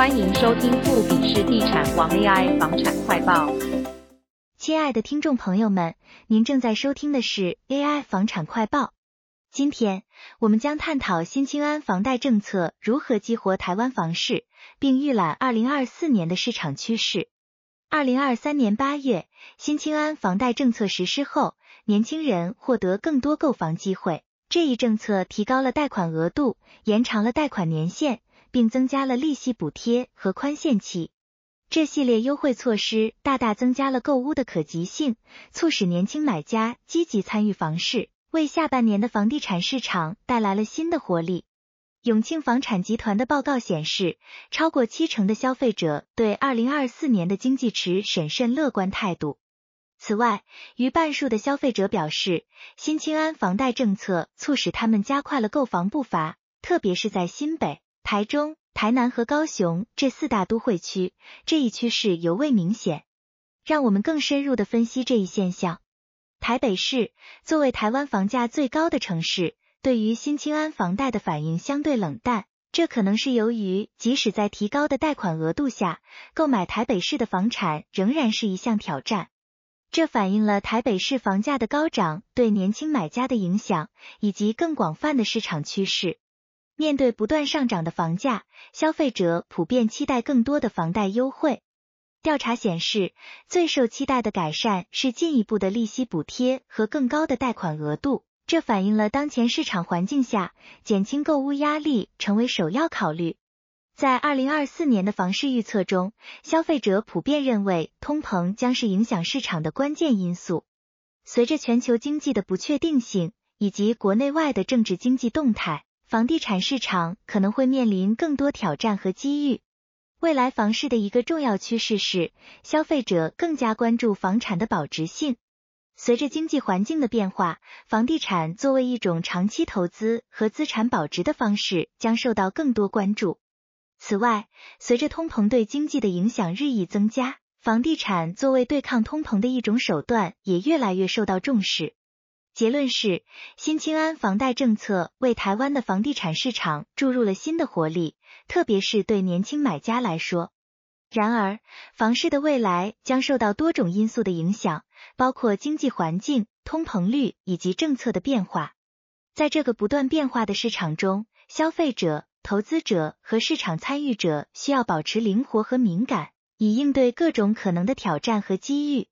歡迎收聽富比士地產王 AI 房產快報。親愛的聽眾朋友們，您正在收聽的是 AI 房產快報。今天，我們將探討新青安房貸政策如何激活台灣房市，並預覽二零二四年的市場趨勢。二零二三年八月，新青安房貸政策實施後，年輕人獲得更多購房機會。這一政策提高了貸款額度，延長了貸款年限。並增加了利息補貼和寬限期，這系列優惠措施大大增加了購屋的可及性，促使年輕買家積極參與房市，為下半年的房地產市場帶來了新的活力。永慶房產集團的報告顯示，超過七成的消費者對二零二四年的經濟持審慎樂觀態度。此外，逾半數的消費者表示，新青安房貸政策促使他們加快了購房步伐，特別是在新北。台中、台南和高雄這四大都會區，這一趨勢尤為明顯。讓我們更深入的分析這一現象。台北市作為台灣房價最高的城市，對於新青安房貸的反應相對冷淡，這可能是由於即使在提高的貸款額度下，購買台北市的房產仍然是一項挑戰。這反映了台北市房價的高漲對年輕買家的影響，以及更廣泛的市場趨勢。面對不斷上漲的房價，消費者普遍期待更多的房貸優惠。調查顯示，最受期待的改善是進一步的利息補貼和更高的貸款額度，這反映了當前市場環境下減輕購屋壓力成為首要考慮。在二零二四年的房市預測中，消費者普遍認為通膨將是影響市場的關鍵因素。隨着全球經濟的不確定性以及國內外的政治經濟動態。房地產市場可能會面臨更多挑戰和機遇。未來房市的一個重要趨勢是，消費者更加關注房產的保值性。隨着經濟環境的變化，房地產作為一種長期投資和資產保值的方式將受到更多關注。此外，隨着通膨對經濟的影響日益增加，房地產作為對抗通膨的一種手段也越來越受到重視。結論是，新青安房貸政策為台灣的房地產市場注入了新的活力，特別是對年輕買家來說。然而，房市的未來將受到多種因素的影響，包括經濟環境、通膨率以及政策的變化。在這個不斷變化的市場中，消費者、投資者和市場參與者需要保持靈活和敏感，以應對各種可能的挑戰和機遇。